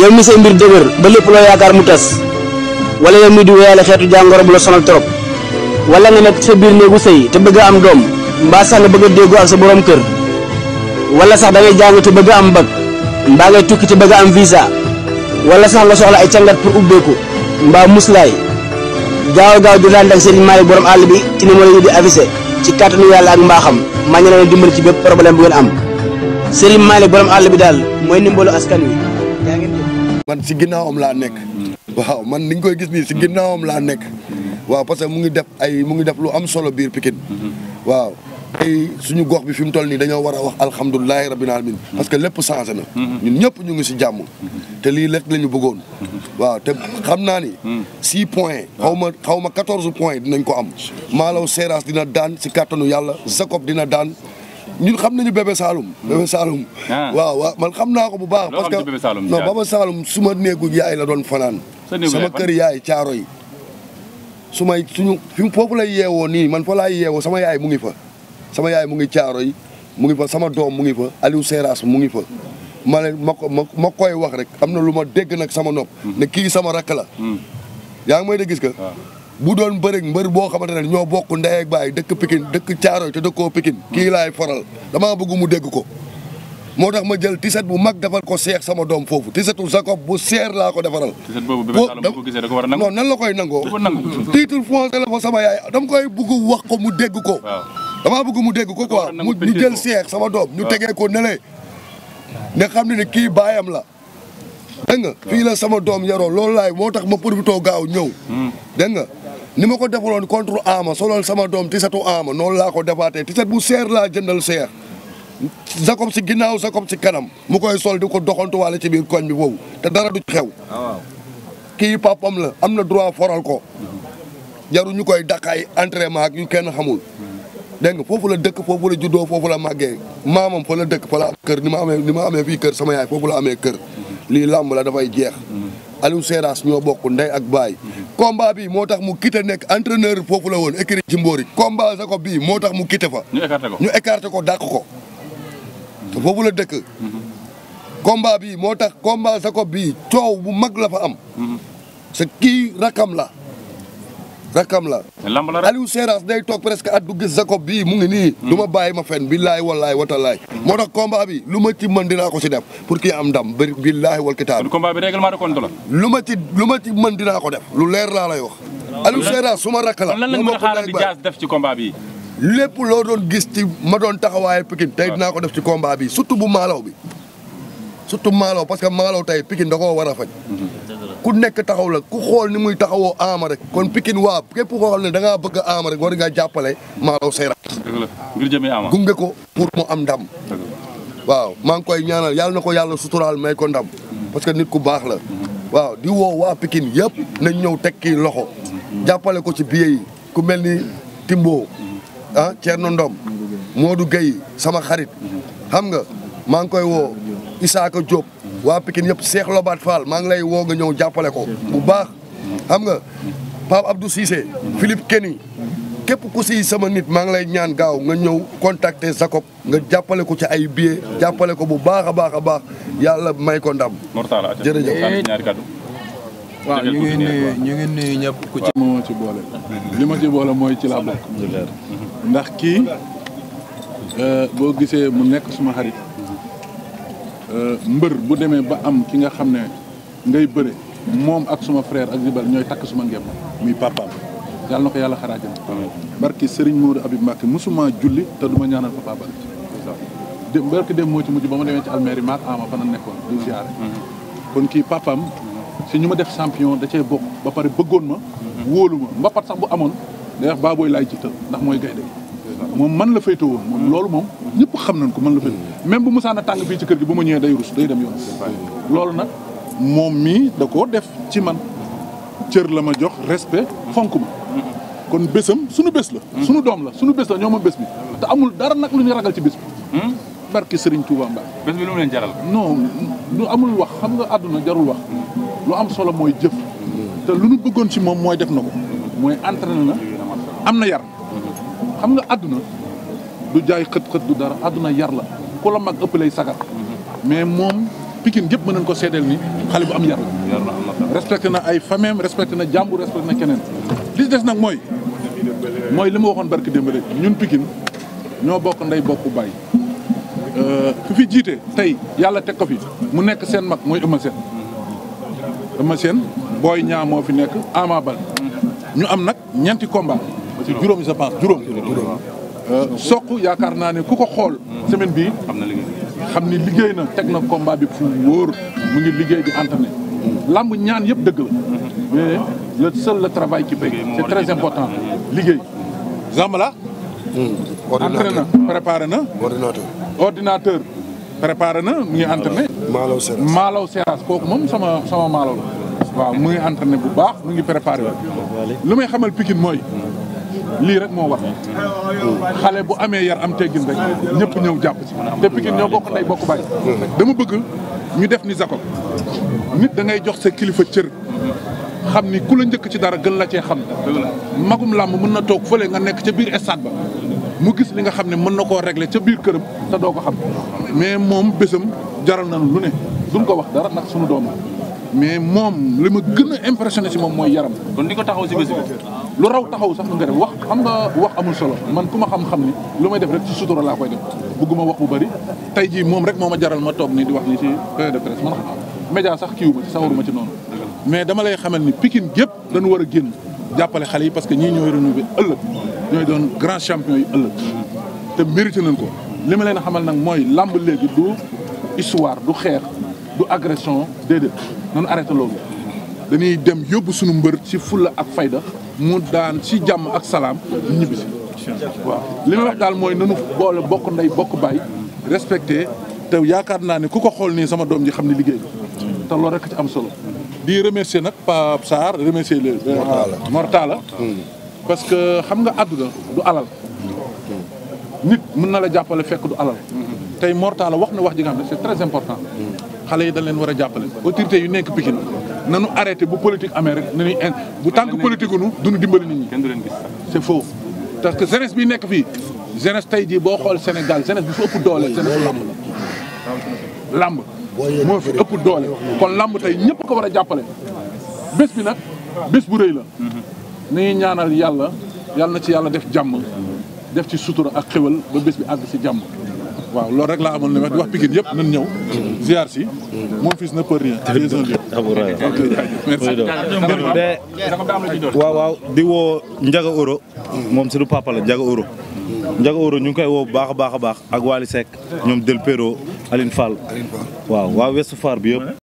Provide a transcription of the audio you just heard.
yow mi sey mbir deuguer ba lepp lo yaakar mu tass wala yow mi di wéyale xeetu jangoro bu la sonal torop wala nga nek sa bir neegu sey te bëgg am dom mba sax nga bëgg ak sa borom kër wala sax da ngay jàng te bëgg am mba ngay tukki te bëgg am visa wala sax nga soxla ay cangat pour ubbeeku mba muslay gaaw gaaw jotaan ak sëriñ Malick borom all bi ci ni mo la di avisé ci katanu yalla ak mbaxam ma ñu la dimbal ci bëpp problème bu ngeen am sëriñ Malick borom àll bi daal askan wi man si ginnaawam laa nekk. waaw man ni ñu koy gis nii si ginnaawam laa nekk. waaw parce que mu ngi def ay mu ngi def lu am solo biir Pikine. waaw tey suñu gox bi fi mu toll nii dañoo war a wax alhamdulilahi rabbil alamin parce que lépp changé na. ñun ñëpp ñu ngi si jàmm. te lii lekk la bëggoon. waaw te xam naa ni. 6 points xaw ma xaw ma 14 points dinañ ko am. Malaw Seras dina daan si kàttanu yàlla Jacob dina daan. ñun xam nañu bébé Saloum. bébé ah. waaw waaw man xam naa ko bu baax. parce que non baba Saloum su ma néegu yaay la doon fanaan. sama kër yaay caaro yi. su may suñu fi foofu la yeewoo nii man fa laay yeewoo sama yaay mu ngi fa. sama yaay mu ngi caaro yi mu ngi fa sama doom mu ngi fa Aliou Seras mu ngi fa. ma ne ma ko ma koy wax rek am na lu ma dégg nag sama nopp. Mm. na kii sama rakk la. Mm. yaa ngi may da gis ka bu doon bëri mbër boo xamante ne ñoo bokk ndey ak baay dëkk Pikine dëkk Thiaroye te dëkkoo Pikine kii laay faral damaa bëgg mu dégg ko moo tax ma jël tiset bu mag defal ko seex sama doom foofu tisetu Jacob bu seer laa ko defaral. tiset boobu ko gisee da ko war a nangu. non nan la koy nangoo. titre foncier la fa sama yaay dama koy bëgg wax ko mu dégg ko. damaa bëgg mu dégg ko quoi mu ñu jël seex sama doom. ñu tegee ko nële nga xam ne ni kii baayam la. dégg nga fii la sama doom yaroo loolu laay moo tax ma profité gaaw ñëw hmm. dégg nga ni ma ko defaloon contre Ama solal sama doom tisatu Ama noonu laa ko defaatee tisat bu seer laa jëndal seer Jacob si ginnaaw Jacob si kanam mu koy sol di ko doxantuwaale ci biir koñ bi boobu te dara du xew ah, kii papam la am na droit foral ko jaruñu koy dàq ay entraînement ak yu kenn xamul dégg nga foofu la dëkk foofu la juddoo foofu la màggee maamam fa la dëkk fa la am kër ni ma amee ni ma amee fii kër sama yaay foofu la amee kër lii làmb la dafay jeex mm-hmm. Aliou Seras ñoo bokk ndey ak baay combat bi moo tax mu quitté nekk entraîneur foofu la woon écrit ci Mboori. combat Jacob bii moo tax mu quitté fa. ñu écarté ko ñu écarté ko dàq ko. dëkk. combat bi moo tax combat Jacob bi coow bu mag la fa am. sa mm-hmm. kii rakam la. rakam la Aliou Seras day toog presque at du gis Jacob bii mu ngi nii hmm. du ma bàyyi ma fen billaahi wallaahi watalaay hmm. moo tax combat bi lu ma ci mën dinaa ko si def pour ki am ndam bi billaahi wal kitaab combat bi règlement de compte lu ma ci lu ma ci mën dinaa ko def lu leer laa lay wax hmm. Aliou Seras su ma rakk la lan a xaaral di jaas def ci combat lépp loo doon gis ci ma doon taxawaaye Pikine tey ah. dinaa ko def ci combat bi surtout bu maalaw bi surtout maalaw parce que maalaw tey Pikine da koo war a faj ku nekk taxaw la ku xool ni muy taxawoo Ama rek kon Pikine waa képp koo xam ne da ngaa bëgg Ama rek war ngaa jàppale Malaw Seyra. dëgg la ngir jëmee gunge ko pour mu am ndam. waaw maa ngi koy ñaanal yàlla na ko yàlla suturaal may ko ndam. parce que nit ku baax la. waaw di woo waa Pikine yëpp nañ ñëw tekki loxo. jàppale ko ci billet ku mel ni Timbo ah Thierno moo du Gueye sama xarit xam nga maa ngi koy woo Isaka Diop. waa Pikine yëpp Cheikh Lobaat Fall maa ngi lay woo nga ñëw jàppale ko bu baax xam nga Pape Abdou Cissé Philippe Kenny képp ku si sama nit maa ngi lay ñaan gaaw nga ñëw contacter Jacob nga jàppale ko ci ay billets jàppale ko bu baax a baax a baax yàlla may ko ndam. jërëjëf waaw ñu ngi nuyu ñu ngi nuyu ci. boole li ma ci boole mooy ci laa bokk. ndax kii euh, boo gisee mu nekk suma xarit. Euh, mbër bu demee ba am ki nga xam ne ngay bëre moom ak suma frère ak Zibal ñooy takk suma ngemm muy papaam yàlla na ko yàlla xaraajal barki sëriñ Modou Abib Mbacke mosuma julli te du ma ñaanal papa Bal dem moo ci mujj ba ma demee ci almeeri maak ama fa na nekkoon di siyaare mm-hmm. kon kii papaam si ñu ma def champion da cee bokk ba pare bëggoon ma mm-hmm. wóolu ma mbapat sax bu amoon day wax baabooy laay jiital ndax mooy gaynde moom man la féetewoo moom loolu moom ñëpp xam nañ ko man la féetewoo même bu Musaana tàng fii ci kër gi bu ma day rus day dem yoon loolu nag moom mii da koo def ci man cër la ma jox respect fonk kon bésam suñu bés la suñu doom la suñu bés la ñoo ma bi te amul dara nak lu ñu ragal ci bés bi hmm? barki Serigne Touba Mbaye bés bi lu mu leen jaral non lu amul wax xam nga àdduna jarul wax lu am solo mooy jëf te lu ñu bëggoon ci moom mooy def na ko mooy na am na yar xam nga àdduna du jaay xët-xët du dara àdduna yar la ku la mag ëpp lay sagar mhm. mais moom Pikine gépp mën nañ ko seedeel ni xale bu am yar la na ay fameem respecté na jàmbu respecté na keneen li des nag mooy mooy li ma waxoon barki démb rek ñun Pikine ñoo bokk ndey bokk bàyyi euh, ku fi jiite tey yàlla teg ko fi mu nekk seen mag mooy Eumeu Sène Eumeu Sène Boy Niang fi nekk Ama Baldé mhm. ñu am nag ñeenti combat ci juróom je pense juróom soq yaakaar naa ne ku ko xool semaine bi xam ni liggéey na teg na combat bi fu wóor mu ngi liggéey di entraîné lamb ñaan yëpp dëgg la mais le seul le travail qui paye c'est très important liggéey zambala hmm. entraîné na préparé na ordinateur ordinateur préparé na mu ngi entraîné maalaw seras maalaw seras kooku moom sama sama maalaw la waaw mu ngi entraîné bu baax mu ngi préparé lu may xamal Pikine mooy li rek mo wax xalé bu amé yar am teggin rek ñëpp ñëw japp ci té Pikine ñoo bokk tay bokk bay dama bëgg ñu def ni Jacob nit da ngay jox sa kilifa cër xamni ku la ñëk ci dara gën la ci xam magum lamb mën na tok fele nga nekk ci biir estade ba mu gis li nga xamni ne mën na ko régler ci biir kërëm ta do ko xam mais mom bésam jaral na lu ne duñ ko wax dara nak suñu doom mais mom lima gëna impressionné si yaram kon niko taxaw ci bés lu raw taxaw sax nga wax xam nga wax amul solo man kuma xam-xam ni lu may def rek ci sutura la koy def buguma wax bu bari tay ji mom rek moma jaral ma tok ni di wax ni ci point de presse man xam media sax ma ci sawaruma ci non mais dama lay xamal ni Pikine gep dañu wara genn jappale parce que ñoy doon grand champion yi ëllëg te mérité nañ ko lima leen xamal nak moy lamb léegi du histoire du xex du agression dede, nañu arrêté lolu dañuy dem yobbu suñu mbeur ci fulla ak fayda mu daan ci jamm ak salam ñibi si waaw li may wax dal moy nañu boole bokk nday bokk bay respecté taw yaakar na ni kuko xol ni sama dom ji xamni ne liggéey te rek ci am solo di remercier nak Pape sar remercier le euh, Mortala hmm. parce que xam nga àdduna du alal nit mën na la jàppale fekk du alal hmm. tay Mortala wax na wax ji nga c'est très important hmm. xale yi dañ leen war a jàppale autorité yu nekk Pikine nanu arrêté bu politique amee rek nañuy bu tànk politique nu duñu dimbali nit ñi kenn du leen gis c'est faux parce que jeunesse bi nekk fii jeunesse tey jii boo xool Sénégal jeunesse bi fi ëpp doole jeunesse lamb làmb lamb moo fi ëpp doole kon làmb tey ñëpp ko war a jàppale bés bi nag bés bu rëy la ni ñaanal yàlla yàlla na ci yàlla def jàmm def ci sutura ak xéwal ba bés bi àgg si jàmm waaw loolu rek amoon li wax wax Pikine yëpp nañ ñëw ziar si mon fils ne peut rien les uns les waaw di woo Ndiaga Euro moom suñu papa la Ndiaga Euro Ndiaga Euro ñu ngi koy woo bu baax a baax a baax ak Waly Seck ñoom Del Pero Aline Fall waaw waa Ouest bi yëpp